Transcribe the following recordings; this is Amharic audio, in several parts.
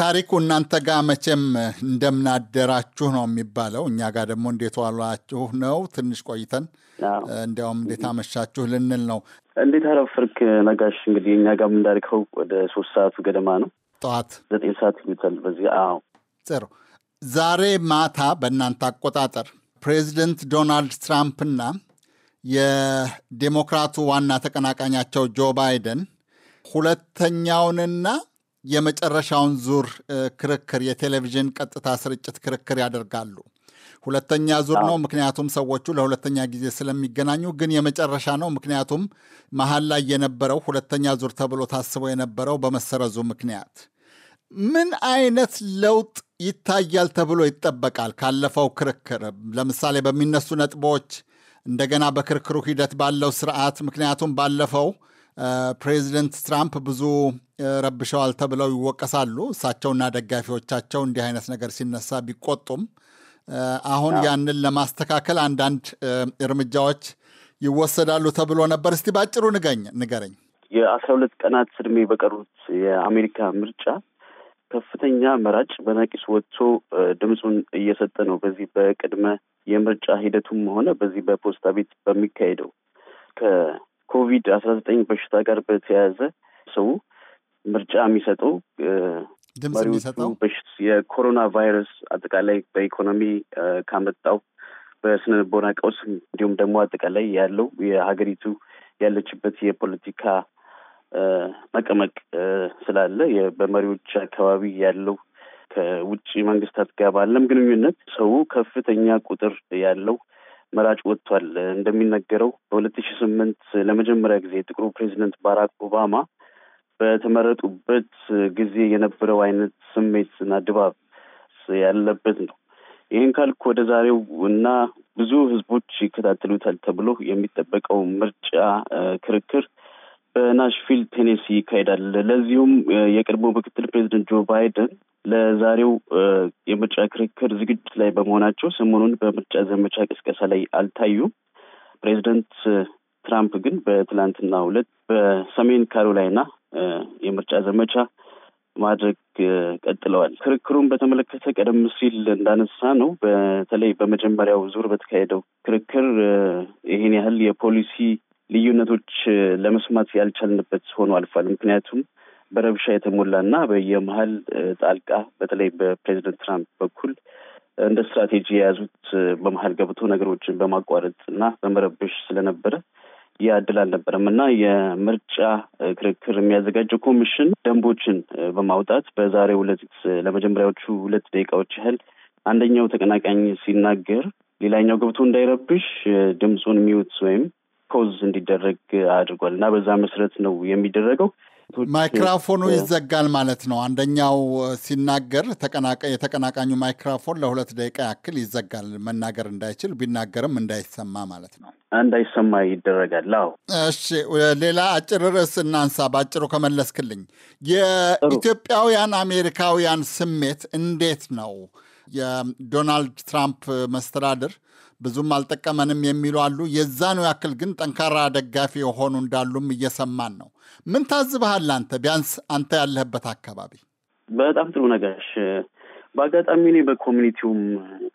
ታሪኩ እናንተ ጋር መቼም እንደምናደራችሁ ነው የሚባለው። እኛ ጋር ደግሞ እንዴት ዋሏችሁ ነው። ትንሽ ቆይተን እንዲያውም እንዴት አመሻችሁ ልንል ነው። እንዴት አረፈርክ ነጋሽ? እንግዲህ እኛ ጋር የምንዳርከው ወደ ሶስት ሰዓቱ ገደማ ነው። ጠዋት ዘጠኝ ሰዓት ይሉታል በዚህ። አዎ ጥሩ። ዛሬ ማታ በእናንተ አቆጣጠር ፕሬዚደንት ዶናልድ ትራምፕና የዴሞክራቱ ዋና ተቀናቃኛቸው ጆ ባይደን ሁለተኛውንና የመጨረሻውን ዙር ክርክር የቴሌቪዥን ቀጥታ ስርጭት ክርክር ያደርጋሉ። ሁለተኛ ዙር ነው፣ ምክንያቱም ሰዎቹ ለሁለተኛ ጊዜ ስለሚገናኙ። ግን የመጨረሻ ነው፣ ምክንያቱም መሀል ላይ የነበረው ሁለተኛ ዙር ተብሎ ታስቦ የነበረው በመሰረዙ ምክንያት ምን አይነት ለውጥ ይታያል ተብሎ ይጠበቃል? ካለፈው ክርክር ለምሳሌ በሚነሱ ነጥቦች እንደገና በክርክሩ ሂደት ባለው ስርዓት ምክንያቱም ባለፈው ፕሬዚደንት ትራምፕ ብዙ ረብሸዋል ተብለው ይወቀሳሉ። እሳቸውና ደጋፊዎቻቸው እንዲህ አይነት ነገር ሲነሳ ቢቆጡም አሁን ያንን ለማስተካከል አንዳንድ እርምጃዎች ይወሰዳሉ ተብሎ ነበር። እስቲ በአጭሩ ንገረኝ። የአስራ ሁለት ቀናት እድሜ በቀሩት የአሜሪካ ምርጫ ከፍተኛ መራጭ በነቂስ ወጥቶ ድምፁን እየሰጠ ነው። በዚህ በቅድመ የምርጫ ሂደቱም ሆነ በዚህ በፖስታ ቤት በሚካሄደው ኮቪድ አስራ ዘጠኝ በሽታ ጋር በተያያዘ ሰው ምርጫ የሚሰጠው ድምጽ የኮሮና ቫይረስ አጠቃላይ በኢኮኖሚ ካመጣው በስነ ልቦና ቀውስ እንዲሁም ደግሞ አጠቃላይ ያለው የሀገሪቱ ያለችበት የፖለቲካ መቀመቅ ስላለ በመሪዎች አካባቢ ያለው ከውጭ መንግስታት ጋር ባለም ግንኙነት ሰው ከፍተኛ ቁጥር ያለው መራጭ ወጥቷል። እንደሚነገረው በሁለት ሺ ስምንት ለመጀመሪያ ጊዜ ጥቁሩ ፕሬዚደንት ባራክ ኦባማ በተመረጡበት ጊዜ የነበረው አይነት ስሜት እና ድባብ ያለበት ነው። ይህን ካልኩ ወደ ዛሬው እና ብዙ ህዝቦች ይከታተሉታል ተብሎ የሚጠበቀው ምርጫ ክርክር በናሽቪል ቴኔሲ ይካሄዳል። ለዚሁም የቀድሞ ምክትል ፕሬዚደንት ጆ ባይደን ለዛሬው የምርጫ ክርክር ዝግጅት ላይ በመሆናቸው ሰሞኑን በምርጫ ዘመቻ ቅስቀሳ ላይ አልታዩም። ፕሬዚደንት ትራምፕ ግን በትላንትናው ዕለት በሰሜን ካሮላይና የምርጫ ዘመቻ ማድረግ ቀጥለዋል። ክርክሩን በተመለከተ ቀደም ሲል እንዳነሳ ነው በተለይ በመጀመሪያው ዙር በተካሄደው ክርክር ይህን ያህል የፖሊሲ ልዩነቶች ለመስማት ያልቻልንበት ሆኖ አልፏል። ምክንያቱም በረብሻ የተሞላና በየመሀል ጣልቃ በተለይ በፕሬዚደንት ትራምፕ በኩል እንደ ስትራቴጂ የያዙት በመሀል ገብቶ ነገሮችን በማቋረጥ እና በመረብሽ ስለነበረ ያ እድል አልነበረም እና የምርጫ ክርክር የሚያዘጋጀው ኮሚሽን ደንቦችን በማውጣት በዛሬው ዕለት ለመጀመሪያዎቹ ሁለት ደቂቃዎች ያህል አንደኛው ተቀናቃኝ ሲናገር ሌላኛው ገብቶ እንዳይረብሽ ድምፁን ሚውት ወይም ኮዝ እንዲደረግ አድርጓል እና በዛ መሰረት ነው የሚደረገው። ማይክራፎኑ ይዘጋል ማለት ነው። አንደኛው ሲናገር የተቀናቃኙ ማይክራፎን ለሁለት ደቂቃ ያክል ይዘጋል፣ መናገር እንዳይችል ቢናገርም እንዳይሰማ ማለት ነው። እንዳይሰማ ይደረጋል። አዎ። እሺ፣ ሌላ አጭር ርዕስ እናንሳ። በአጭሩ ከመለስክልኝ የኢትዮጵያውያን አሜሪካውያን ስሜት እንዴት ነው? የዶናልድ ትራምፕ መስተዳድር ብዙም አልጠቀመንም የሚሉ አሉ። የዛኑ ያክል ግን ጠንካራ ደጋፊ የሆኑ እንዳሉም እየሰማን ነው። ምን ታዝበሃል አንተ? ቢያንስ አንተ ያለህበት አካባቢ። በጣም ጥሩ ነገር በአጋጣሚ እኔ በኮሚኒቲውም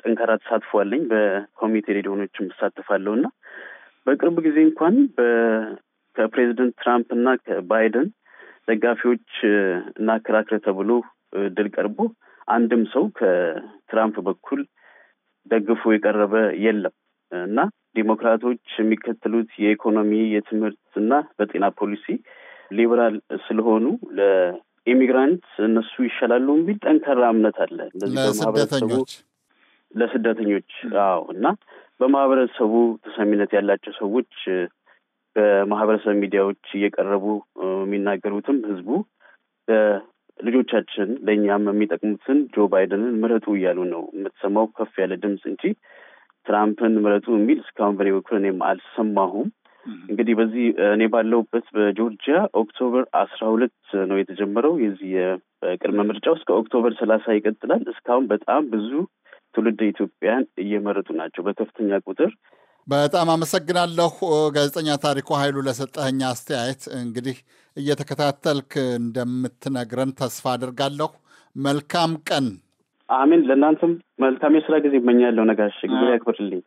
ጠንካራ ተሳትፎ አለኝ። በኮሚኒቲ ሬዲዮኖችም እሳተፋለሁ እና በቅርብ ጊዜ እንኳን ከፕሬዚደንት ትራምፕ እና ከባይደን ደጋፊዎች እና አከራክረ ተብሎ ድል ቀርቦ አንድም ሰው ከትራምፕ በኩል ደግፎ የቀረበ የለም እና ዲሞክራቶች የሚከተሉት የኢኮኖሚ፣ የትምህርት እና በጤና ፖሊሲ ሊበራል ስለሆኑ ለኢሚግራንት እነሱ ይሻላሉ የሚል ጠንካራ እምነት አለ። እንደዚህ ለስደተኞች አዎ። እና በማህበረሰቡ ተሰሚነት ያላቸው ሰዎች በማህበረሰብ ሚዲያዎች እየቀረቡ የሚናገሩትም ህዝቡ ተወካዮቻችን ለእኛም የሚጠቅሙትን ጆ ባይደንን ምረጡ እያሉ ነው የምትሰማው ከፍ ያለ ድምፅ እንጂ ትራምፕን ምረጡ የሚል እስካሁን በኔ በኩል እኔም አልሰማሁም። እንግዲህ በዚህ እኔ ባለሁበት በጆርጂያ ኦክቶበር አስራ ሁለት ነው የተጀመረው የዚህ የቅድመ ምርጫው እስከ ኦክቶበር ሰላሳ ይቀጥላል። እስካሁን በጣም ብዙ ትውልድ ኢትዮጵያን እየመረጡ ናቸው በከፍተኛ ቁጥር በጣም አመሰግናለሁ ጋዜጠኛ ታሪኩ ኃይሉ ለሰጠኸኝ አስተያየት። እንግዲህ እየተከታተልክ እንደምትነግረን ተስፋ አድርጋለሁ። መልካም ቀን። አሚን። ለእናንተም መልካም የስራ ጊዜ እመኛለሁ። ነጋሽ ጊዜ ያክብርልኝ።